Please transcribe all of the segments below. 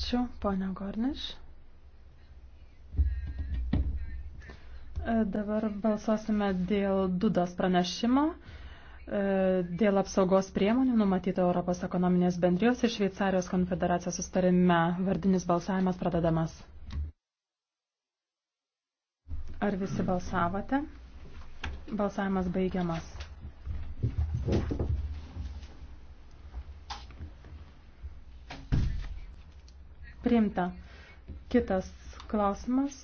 Ačiū, ponia Gorniš. E, dabar balsuosime dėl Dudos pranešimo, e, dėl apsaugos priemonių numatyto Europos ekonominės bendrijos ir Šveicarijos konfederacijos sustarime. Vardinis balsavimas pradedamas. Ar visi balsavote? Balsavimas baigiamas. Priimta. Kitas klausimas.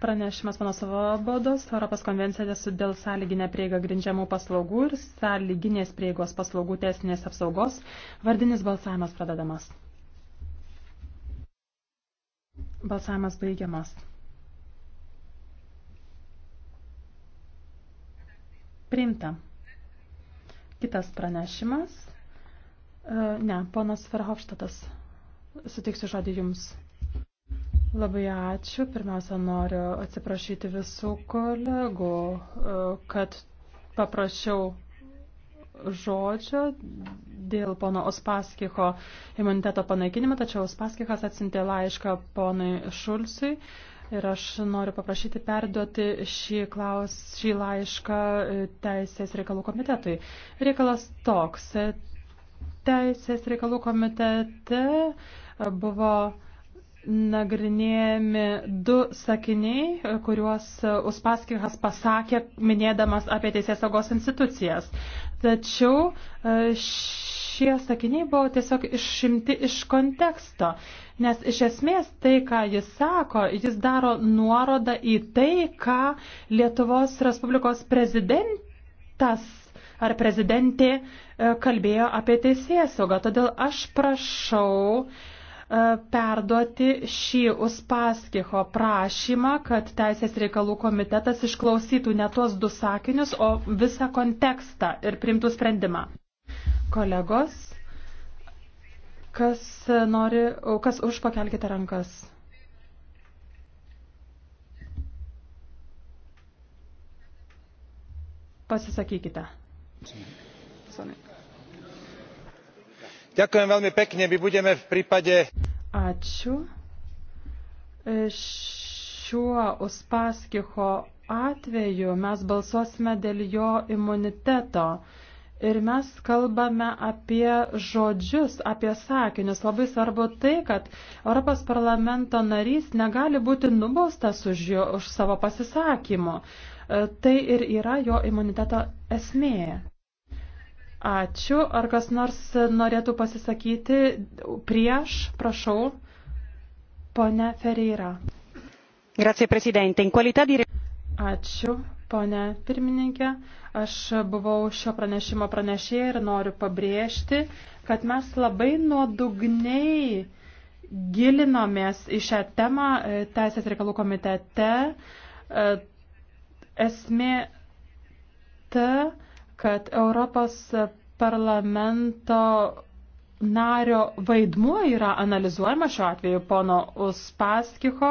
Pranešimas mano savobodos. Europos konvencija dėl sąlyginę prieigą grindžiamų paslaugų ir sąlyginės prieigos paslaugų teisinės apsaugos. Vardinis balsavimas pradedamas. Balsavimas baigiamas. Priimta. Kitas pranešimas. E, ne, ponas Verhofštatas. Suteiksiu žodį Jums. Labai ačiū. Pirmiausia, noriu atsiprašyti visų kolegų, e, kad paprašiau žodžio dėl pono Ospaskiko imuniteto panaikinimo, tačiau Ospaskikas atsintė laišką ponui Šulsui ir aš noriu paprašyti perduoti šį, klaus, šį laišką e, Teisės reikalų komitetui. Reikalas toks, Teisės reikalų komitete buvo nagrinėjami du sakiniai, kuriuos Uspaskikas pasakė, minėdamas apie teisės saugos institucijas. Tačiau e, šie sakiniai buvo tiesiog išimti iš konteksto, nes iš esmės tai, ką jis sako, jis daro nuorodą į tai, ką Lietuvos Respublikos prezidentas ar prezidentė e, kalbėjo apie teisėsaugą. Todėl aš prašau e, perduoti šį Uspaskicho prašymą, kad Teisės reikalų komitetas išklausytų ne tuos du sakinius, o visą kontekstą ir primtų sprendimą. Kolegos, kas, nori, kas už, pakelkite rankas. Pasisakykite. Ďakujem veľmi pekne. My budeme v prípade... Ačiū. E, šiuo Uspaskicho atveju mes balsuosime dėl jo imuniteto. Ir mes kalbame apie žodžius, apie sakinius. Labai svarbu tai, kad Europos parlamento narys negali būti nubaustas už, jo, už savo pasisakymu. E, tai ir yra jo imuniteto esmė. Ačiū. Ar kas nors norėtų pasisakyti prieš? Prašau. Pone Ferreira. Grazie, prezidente. In qualità di... Ačiū, pone pirmininkė. Aš buvau šio pranešimo pranešėja ir noriu pabrėžti, kad mes labai nuodugniai gilinomės į šią temą e, Teisės reikalų komitete. E, esmė ta, kad Europos parlamento nario vaidmuo yra analizuojama šiuo atveju pono Uspaskicho.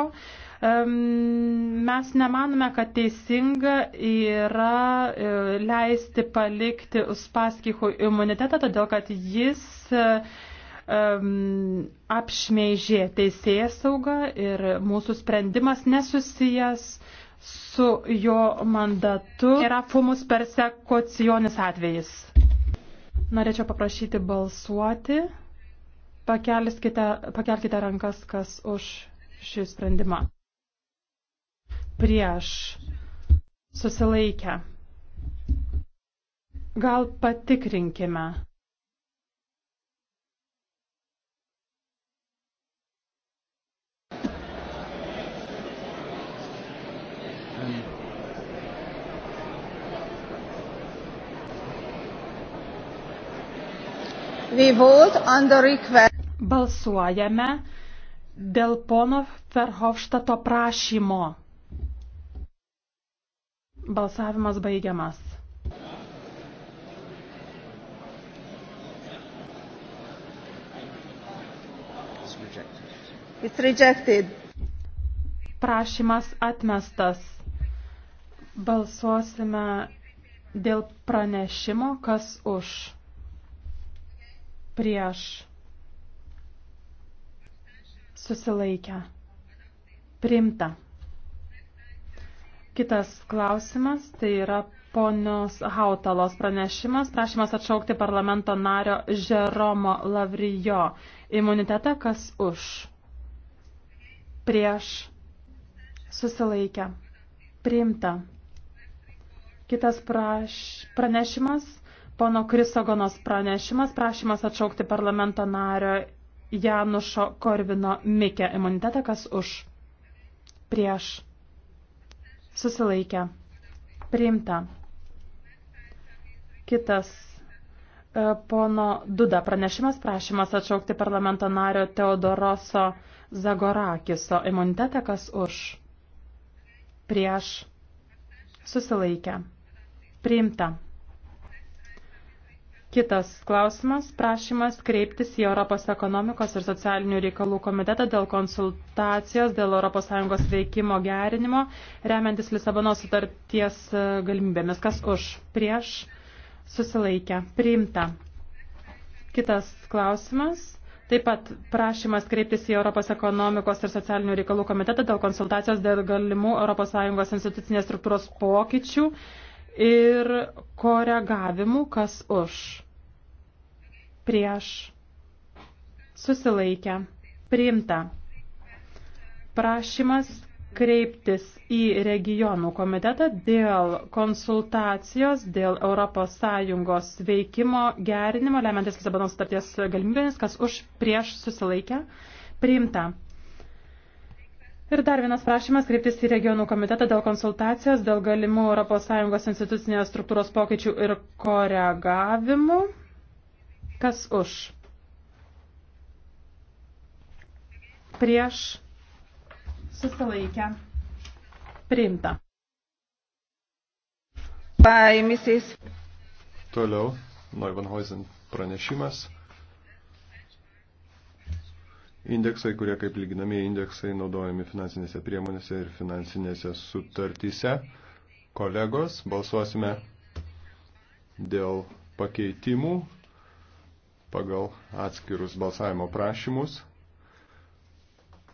Mes nemanome, kad teisinga yra e, leisti palikti Uspaskicho imunitetą, todėl kad jis um, apšmeižė teisėsaugą ir mūsų sprendimas nesusijęs su jo mandatu yra fumus persekucionis atvejis. Norėčiau paprašyti balsuoti. Pakelkite rankas, kas už šį sprendimą. Prieš. Susilaikę. Gal patikrinkime. Balsuojame dėl pono Ferhofštato prašymo. Balsavimas baigiamas. It's rejected. Prašymas atmestas. Balsuosime dėl pranešimo, kas už prieš susilaikę priimta. Kitas klausimas tai yra ponios Hautalos pranešimas, prašymas atšaukti parlamento nario Žeromo Lavrijo imunitetą, kas už, prieš, susilaikę, priimta. Kitas praš, pranešimas pono Krisogonos pranešimas, prašymas atšaukti parlamento nario Janušo Korvino Mikė imunitetą, kas už, prieš, susilaikę, priimta. Kitas e, pono Duda pranešimas, prašymas atšaukti parlamento nario Teodoroso Zagorakiso imunitetą, kas už, prieš, susilaikę, priimta. Kitas klausimas – prašymas kreiptis į Europos ekonomikos ir socialinių reikalų komitetą dėl konsultacijos dėl ES veikimo gerinimo, remiantis Lisabono sutarties e, galimybėmis. Kas už? Prieš? Susilaikę. Priimta. Kitas klausimas – taip pat prašymas kreiptis į Europos ekonomikos ir socialinių reikalų komitetą dėl konsultacijos dėl galimų ES institucinės struktūros pokyčių, ir koregavimu, kas už, prieš, susilaikę, priimta. Prašymas kreiptis į regionų komitetą dėl konsultacijos, dėl ES veikimo gerinimo, lemiantis Lisabonos starties galimybėmis, kas už prieš susilaikę, priimta. Ir dar vienas prašymas kreiptis į regionų komitetą dėl konsultacijos, dėl galimų ES institucinės struktūros pokyčių ir koregavimų. Kas už? Prieš susilaikę. Priimta. Bye, Mrs. Toliau, Neuvenhuizen pranešimas indeksai, kurie kaip lyginamieji indeksai naudojami finansinėse priemonėse ir finansinėse sutartyse. Kolegos, balsuosime dėl pakeitimų pagal atskirus balsavimo prašymus.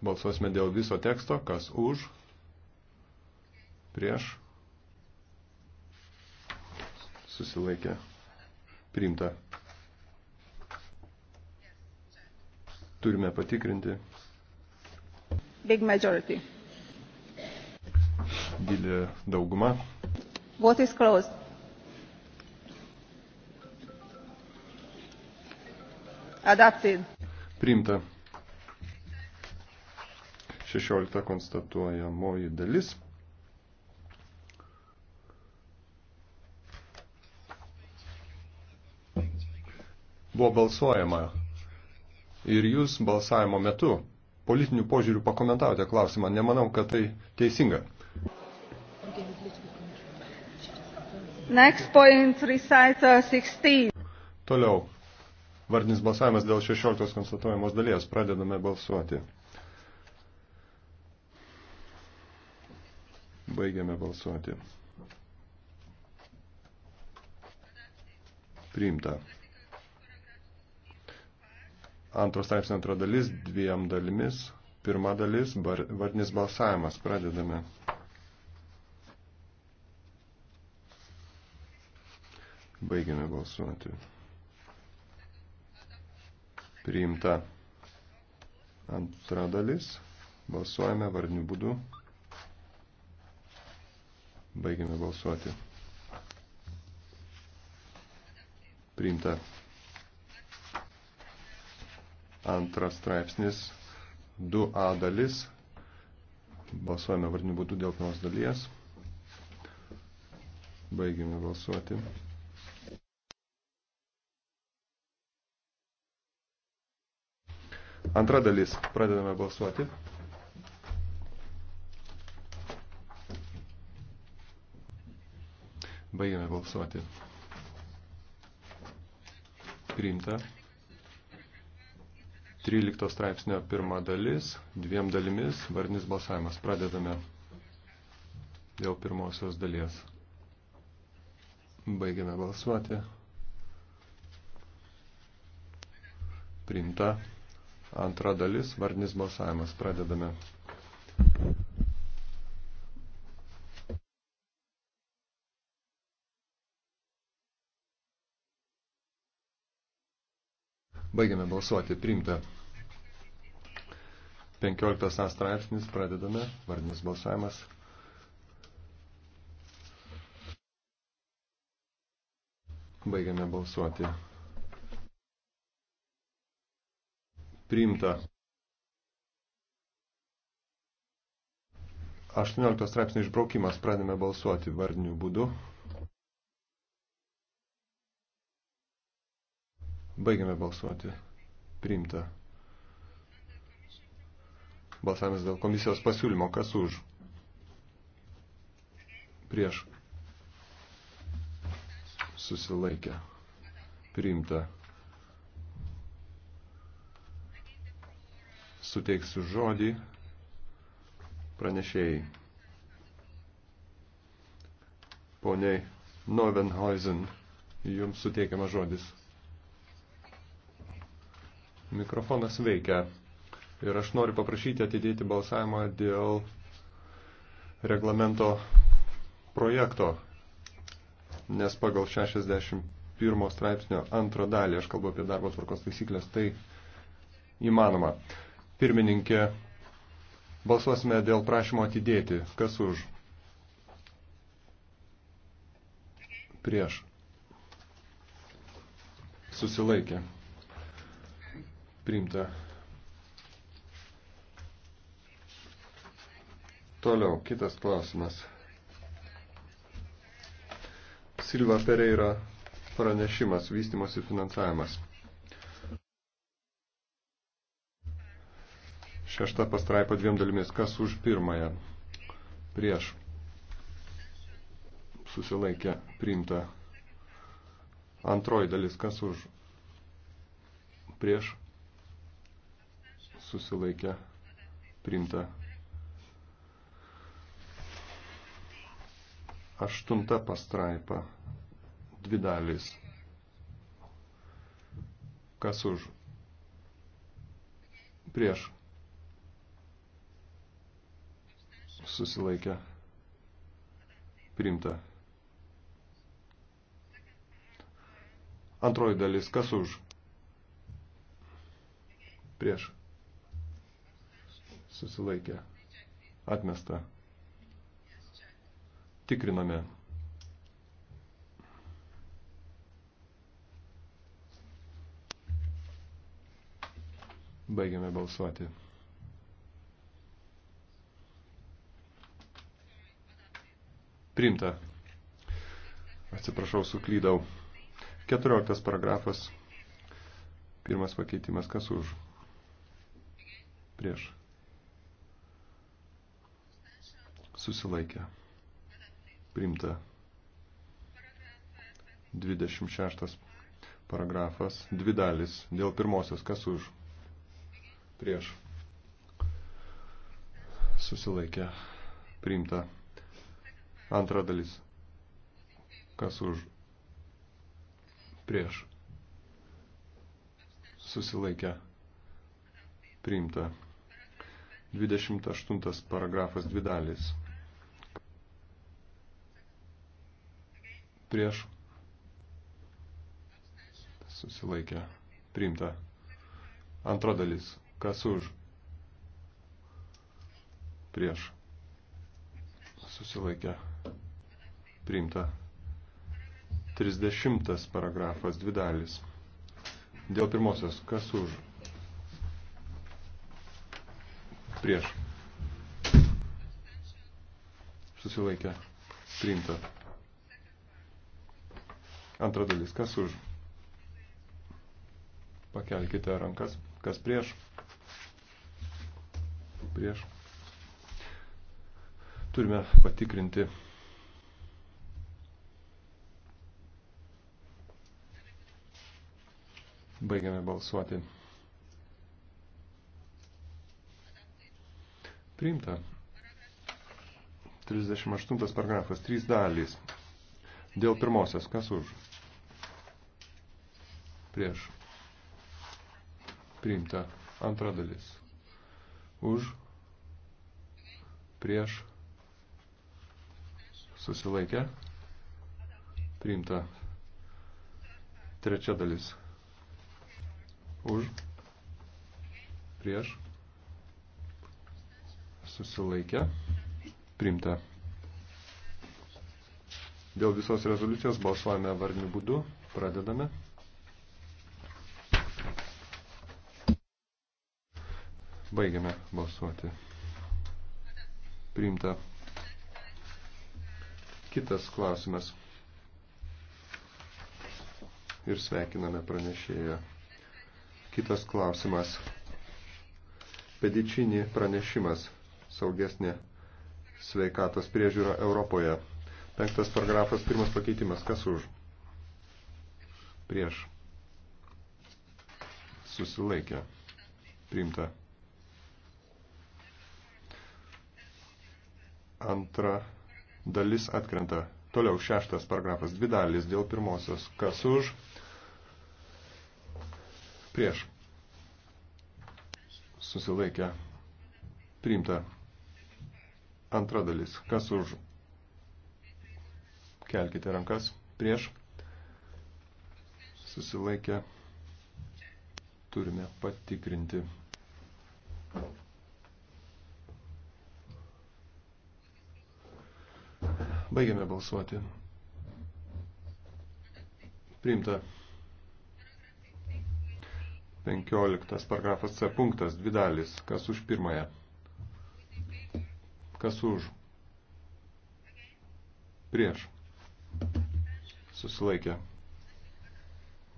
Balsuosime dėl viso teksto, kas už, prieš, susilaikė, priimta. Turime patikrinti. Big majority. Didelė dauguma. Vote is closed. Adapted. Priimta. 16 konstatuojamoji dalis. Buvo balsuojama ir jūs balsavimo metu politinių požiūrių pakomentavote klausimą. Nemanau, kad tai teisinga. Next point, recital 16. Toliau. Vardinis balsavimas dėl 16 konstatuojamos dalies. Pradedame balsuoti. Baigiame balsuoti. Priimta antros straipsnio antra dalis dviem dalimis. Pirma dalis bar, vardinis balsavimas. Pradedame. Baigiame balsuoti. Priimta antra dalis. Balsuojame vardiniu būdu. Baigiame balsuoti. Priimta Antras straipsnis 2a dalis. Balsuojame vardiniu būdu dėl pirmos dalies. Baigime balsuoti. Antra dalis. Pradedame balsuoti. Baigiame balsuoti. Priimta. 13 straipsnio pirma dalis, dviem dalimis, varnis balsavimas. Pradedame dėl pirmosios dalies. Baigiame balsuoti. Priimta antra dalis, varnis balsavimas. Pradedame. Baigiame balsuoti. Priimta. 15 straipsnis. Pradedame. Vardinis balsavimas. Baigiame balsuoti. Priimta. 18 straipsnio išbraukimas. Pradėme balsuoti vardiniu būdu. Baigiame balsuoti. Priimta. Balsavimas dėl komisijos pasiūlymo. Kas už? Prieš. Susilaikė. Priimta. Suteiksiu žodį pranešėjai. Poniai Novenhuizen, jums suteikiama žodis. Mikrofonas veikia. Ir aš noriu paprašyti atidėti balsavimą dėl reglamento projekto, nes pagal 61 straipsnio antrą dalį, aš kalbu apie darbo tvarkos taisyklės, tai įmanoma. Pirmininkė, balsuosime dėl prašymo atidėti. Kas už? Prieš. Susilaikė. Priimta. Toliau, kitas klausimas. Silva Pereira pranešimas, vystimosi finansavimas. Šešta pastraipa dviem dalimis. Kas už pirmąją? Prieš. Susilaikė priimta. Antroji dalis. Kas už? Prieš susilaikė priimta. Aštunta pastraipa. Dvi dalys. Kas už? Prieš. Susilaikė. Priimta. Antroji dalis. Kas už? Prieš susilaikė, atmesta. Tikriname. Baigiame balsuoti. Primta. Atsiprašau, suklydau. 14 paragrafas. Pirmas pakeitimas. Kas už? Prieš. susilaikė. Primta. 26 paragrafas, dvi dalis, dėl pirmosios, kas už, prieš, susilaikė, priimta, antra dalis, kas už, prieš, susilaikė, priimta, 28 paragrafas, dvi dalis, prieš susilaikė priimta. Antra dalis, kas už prieš susilaikė priimta. 30 paragrafas, dvi dalis. Dėl pirmosios, kas už prieš susilaikė priimta. Antra dalis, kas už? Pakelkite rankas, kas prieš? Prieš. Turime patikrinti. Baigiame balsuoti. Priimta. 38 paragrafas, 3 dalys. Dėl pirmosios, kas už? Prieš. Priimta. Antra dalis. Už. Prieš. Susilaikę. Priimta. Trečia dalis. Už. Prieš. Susilaikę. Priimta. Dėl visos rezoliucijos balsuojame varnių būdu. Pradedame. Baigiame balsuoti. Priimta. Kitas klausimas. Ir sveikiname pranešėją. Kitas klausimas. Pedičinį pranešimas. Saugesnė sveikatos priežiūra Europoje. Penktas paragrafas, pirmas pakeitimas. Kas už? Prieš. Susilaikė. Priimta. Antra dalis atkrenta. Toliau šeštas paragrafas. Dvi dalis dėl pirmosios. Kas už? Prieš. Susilaikė. Priimta. Antra dalis. Kas už? Kelkite rankas prieš. Susilaikę turime patikrinti. Baigiame balsuoti. Priimta. 15 paragrafas C punktas, dvi dalis. Kas už pirmąją? Kas už? Prieš. Susilaikė.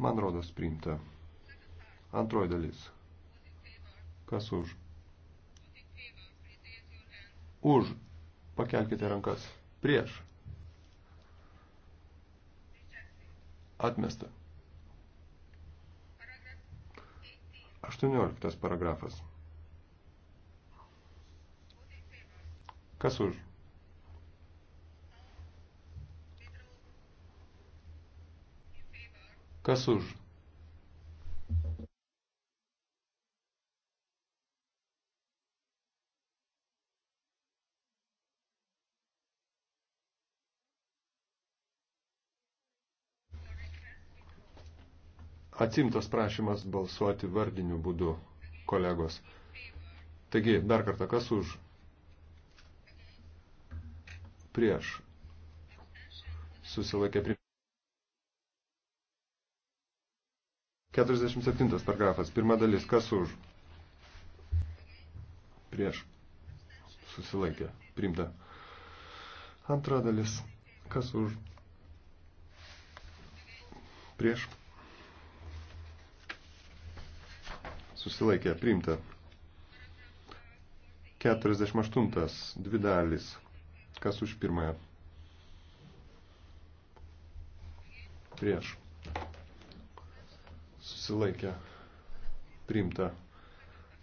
Man rodos priimta. Antroji dalis. Kas už? Už. Pakelkite rankas. Prieš. Atmesta. 18 paragrafas. Kas už? Kas už? Atsimtas prašymas balsuoti vardiniu būdu, kolegos. Taigi, dar kartą, kas už? Prieš. Susilaikė prie. 47 paragrafas, pirma dalis, kas už? Prieš. Susilaikė, primta. Antra dalis, kas už? Prieš. Susilaikė, primta. 48, dvi dalis, kas už pirmąją? Prieš susilaikė priimta.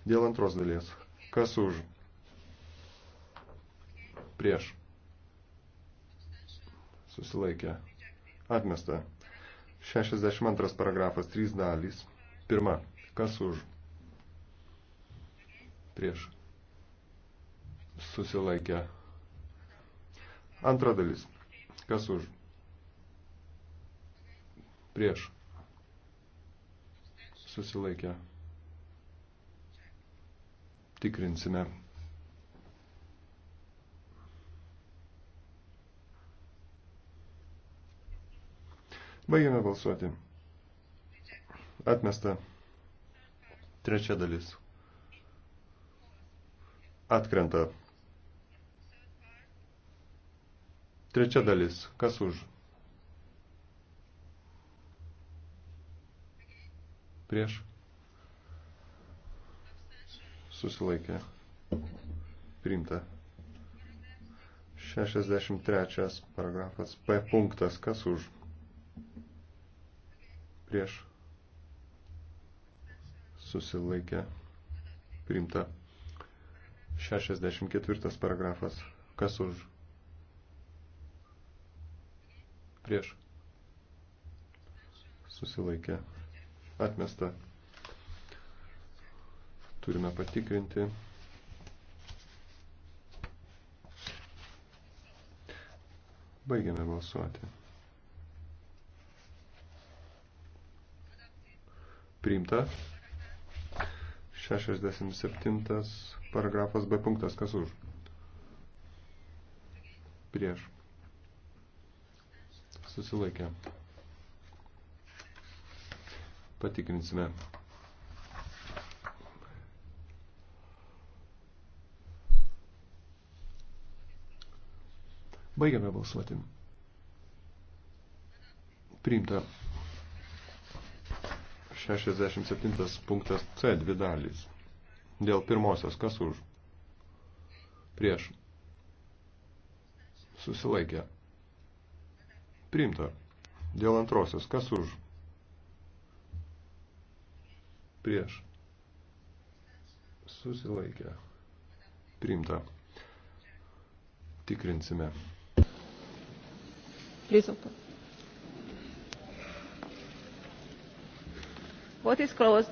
Dėl antros dalies. Kas už? Prieš. Susilaikė. Atmesta. 62 paragrafas, 3 dalys. Pirma. Kas už? Prieš. Susilaikė. Antra dalis. Kas už? Prieš susilaikę. Tikrinsime. Baigiame balsuoti. Atmesta. Trečia dalis. Atkrenta. Trečia dalis. Kas už? prieš susilaikė priimta. 63 paragrafas P punktas, kas už prieš susilaikė priimta. 64 paragrafas, kas už prieš susilaikė priimta atmesta. Turime patikrinti. Baigiame balsuoti. Priimta. 67 paragrafas B punktas. Kas už? Prieš. Susilaikė. Patikrinsime. Baigiame balsuoti. Priimta 67 punktas C, dvi dalys. Dėl pirmosios, kas už? Prieš. Susilaikė. Priimta. Dėl antrosios, kas už? prieš susilaikę priimta. Tikrinsime. Rezultat. What is closed?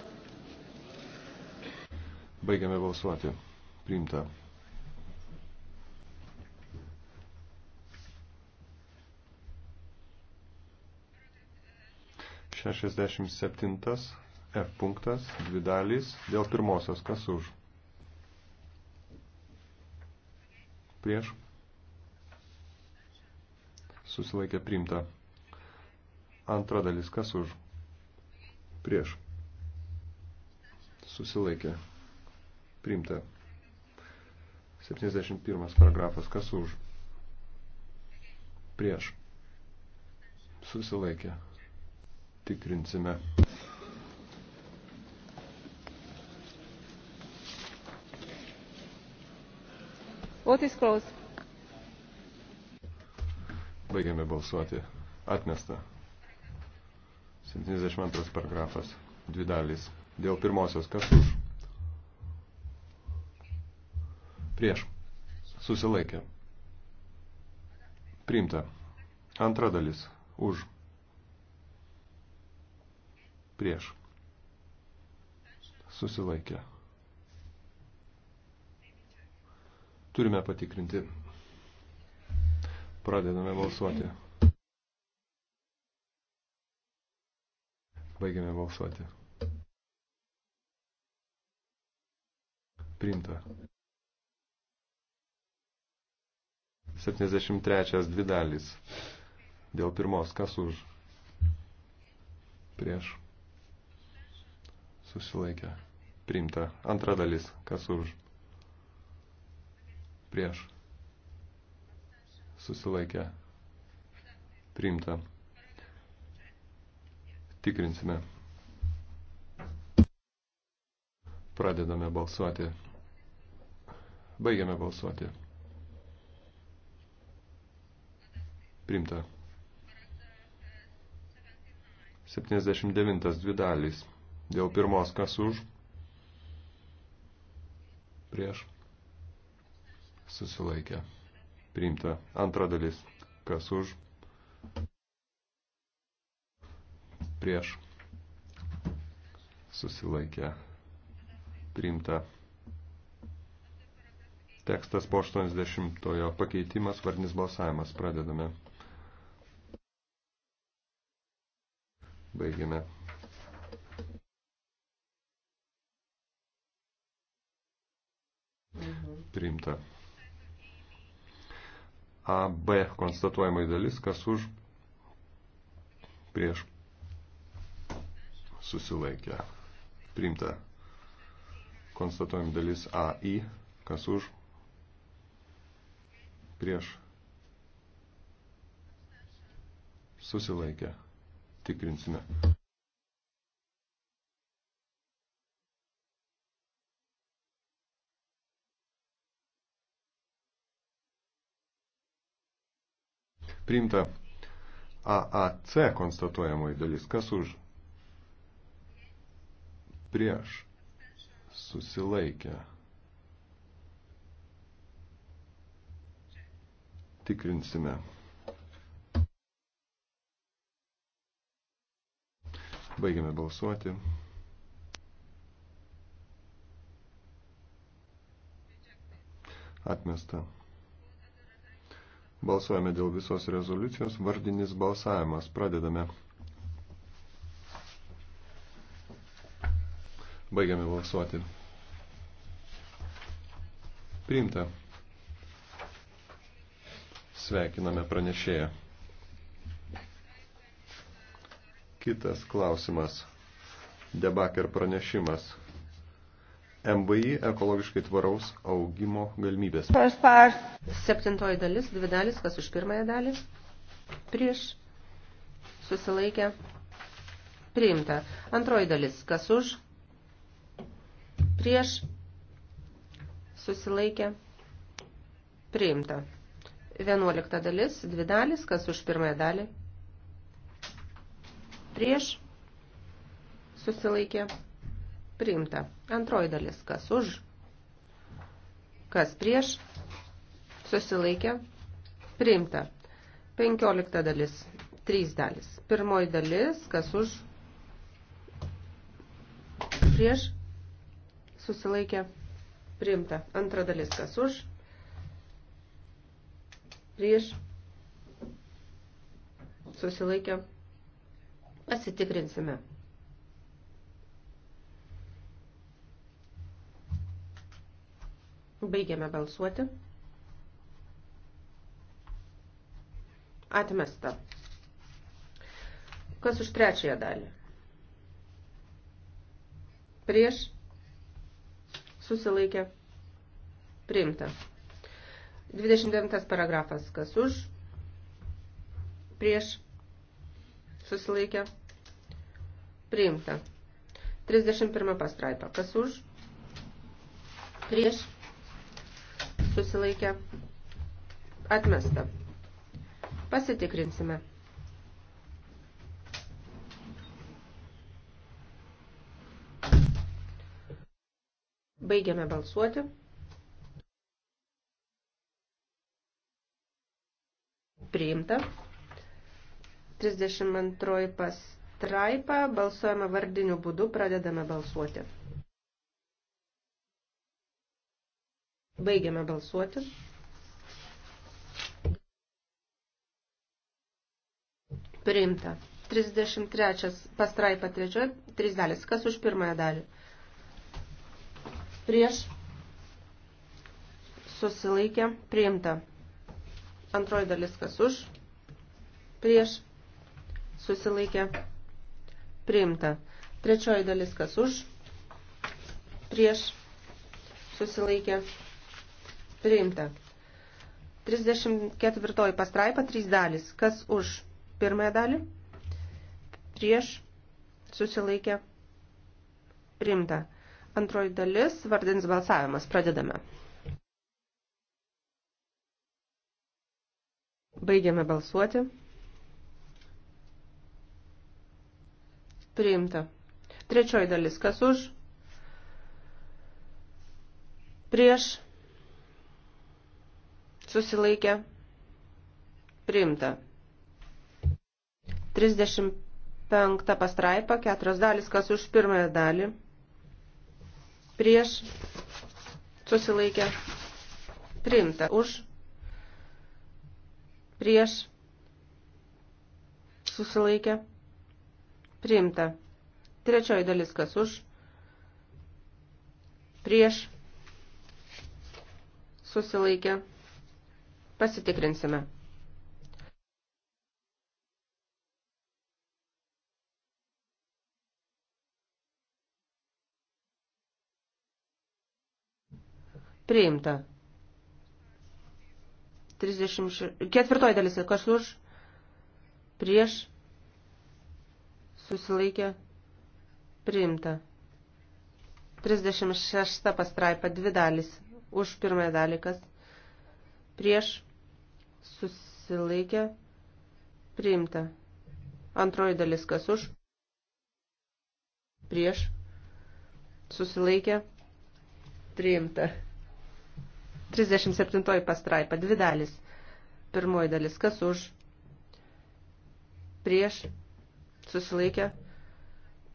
Baigiame balsuoti. Priimta. Šešiasdešimt septintas F e punktas, dvi dalys, dėl pirmosios, kas už. Prieš. Susilaikė priimta. Antra dalis, kas už. Prieš. Susilaikė. Priimta. 71 paragrafas, kas už. Prieš. Susilaikė. Tikrinsime. Vote is closed. Baigiame balsuoti. Atmesta. 72 paragrafas. Dvi dalys. Dėl pirmosios. Kas už? Prieš. Susilaikė. Priimta. Antra dalis. Už. Prieš. Susilaikė. Turime patikrinti. Pradedame balsuoti. Baigiame balsuoti. Priimta. 73 dvi dalys. Dėl pirmos, kas už? Prieš. Susilaikę. Priimta. Antra dalis, kas už? prieš susilaikę priimta. Tikrinsime. Pradedame balsuoti. Baigiame balsuoti. Primta. 79 dvi dalys. Dėl pirmos kas už. Prieš susilaikė. Priimta. Antra dalis. Kas už? Prieš. Susilaikė. Priimta. Tekstas po 80-ojo. Pakeitimas, vardinis balsavimas. Pradedame. Baigiame. Priimta. AB konstatuojamai dalis, kas už prieš susilaikę. Priimta konstatuojam dalis AI, kas už prieš susilaikę. Tikrinsime. Priimta AAC konstatuojamoji dalis. Kas už? Prieš. Susilaikę. Tikrinsime. Baigiame balsuoti. Atmesta. Balsuojame dėl visos rezoliucijos. Vardinis balsavimas. Pradedame. Baigiame balsuoti. Priimta. Sveikiname pranešėją. Kitas klausimas. Debaker pranešimas. MBI ekologiškai tvaraus augimo galimybės. Septintoji dalis, dvi dalis, kas už pirmąją dalį, prieš, susilaikę, priimta. Antroji dalis, kas už, prieš, susilaikę, priimta. Vienuolikta dalis, dvi dalis, kas už pirmąją dalį, prieš, susilaikę, priimta priimta. Antroji dalis, kas už, kas prieš, susilaikė, priimta. Penkiolikta dalis, trys dalis. Pirmoji dalis, kas už, prieš, susilaikė, priimta. Antra dalis, kas už, prieš, susilaikė, pasitikrinsime. Baigiame balsuoti. Atmesta. Kas už trečiąją dalį? Prieš susilaikė priimta. 29 paragrafas. Kas už prieš susilaikė priimta. 31 pastraipa. Kas už prieš susilaikė, atmesta. Pasitikrinsime. Baigiame balsuoti. Priimta. 32 pastraipa. Balsuojame vardiniu būdu. Pradedame balsuoti. Baigiame balsuoti. Priimta. 33 pastraipa trečioje, 3 dalis. Kas už pirmąją dalį? Prieš susilaikė, priimta. Antroji dalis kas už, prieš susilaikė, priimta. Trečioji dalis kas už, prieš susilaikė, priimta Priimta. 34 pastraipa, 3 dalis. Kas už pirmąją dalį? Prieš susilaikė. Priimta. Antroji dalis, vardins balsavimas. Pradedame. Baigiame balsuoti. Priimta. Trečioji dalis, kas už? Prieš susilaikė, priimta. 35 pastraipa, keturios dalis, kas už pirmąją dalį, prieš, susilaikė, priimta, už, prieš, susilaikė, priimta. Trečioji dalis, kas už, prieš, susilaikė, priimta Pasitikrinsime. Priimta. 36. Ketvirtoji dalis. Kas už? Prieš. Susilaikė. Priimta. 36 pastraipa. Dvi dalis. Už pirmąją dalį. Kas? prieš susilaikę priimta. Antroji dalis kas už, prieš susilaikę priimta. 37 pastraipa, dvi dalis. Pirmoji dalis kas už, prieš susilaikę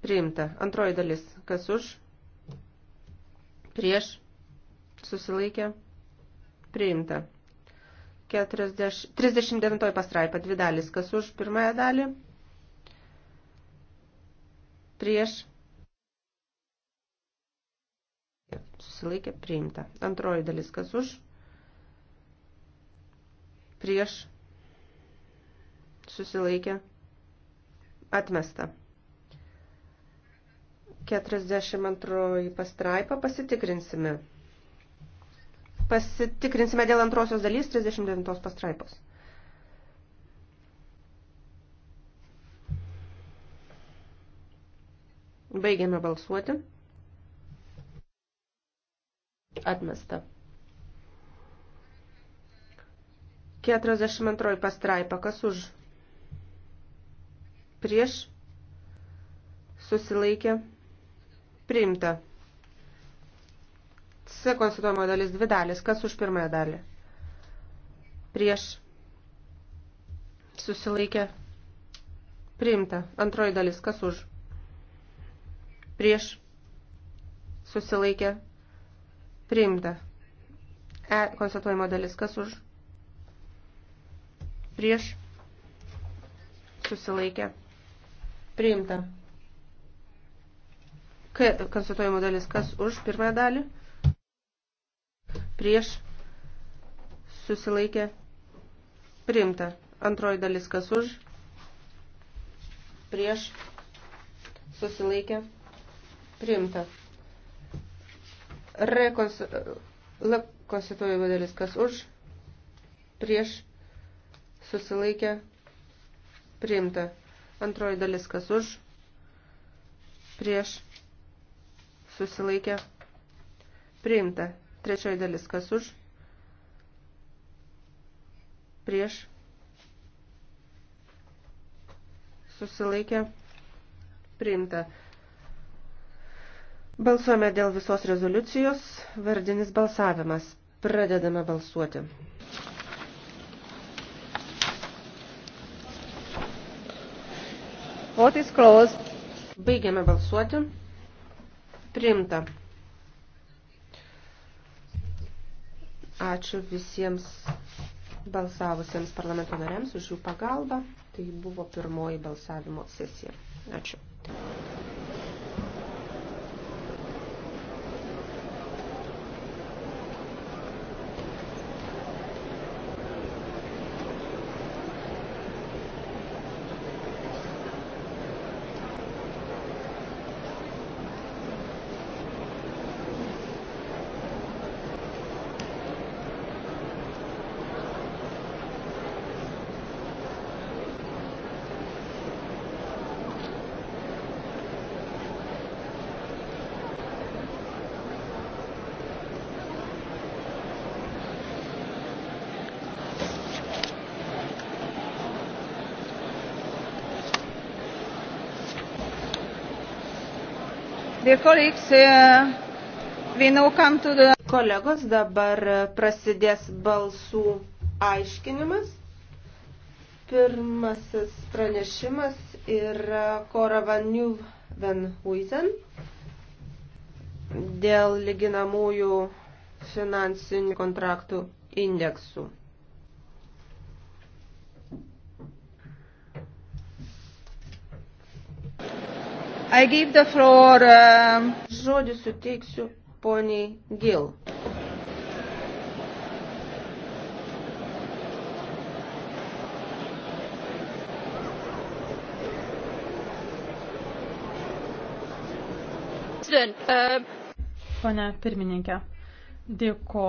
priimta. Antroji dalis kas už, prieš susilaikę priimta. 40, 39 pastraipa, dvi dalys, kas už pirmąją dalį, prieš, susilaikė, priimta. Antroji dalis, kas už, prieš, susilaikė, atmesta. 42 pastraipą pasitikrinsime. Pasitikrinsime dėl antrosios dalys 39 pastraipos. Baigiame balsuoti. Atmesta. 42 pastraipa. Kas už? Prieš? Susilaikė? Priimta. C konstituojimo dalis dvi dalis. Kas už pirmąją dalį? Prieš. Susilaikė. Priimta. Antroji dalis. Kas už? Prieš. Susilaikė. Priimta. E konstatuojimo dalis. Kas už? Prieš. Susilaikė. Priimta. K konstatuojimo dalis. Kas už? Pirmąją dalį prieš susilaikė priimta. Antroji dalis kas už, prieš susilaikė priimta. Rekons... Konstituojimo dalis kas už, prieš susilaikė priimta. Antroji dalis kas už, prieš susilaikė priimta. Trečioji dalis. Kas už? Prieš. Susilaikė. Priimta. Balsuojame dėl visos rezoliucijos. Vardinis balsavimas. Pradedame balsuoti. Vote is closed. Baigiame balsuoti. Priimta. Ačiū visiems balsavusiems parlamento nariams už jų pagalbą. Tai buvo pirmoji balsavimo sesija. Ačiū. Uh, Kolegos, dabar prasidės balsų aiškinimas. Pirmasis pranešimas yra Kora van Nieuwenhuizen dėl lyginamųjų finansinių kontraktų indeksų. I give the floor. Um... Žodį suteiksiu poniai Gil. Uh, Pone pirmininkė, dėkoju.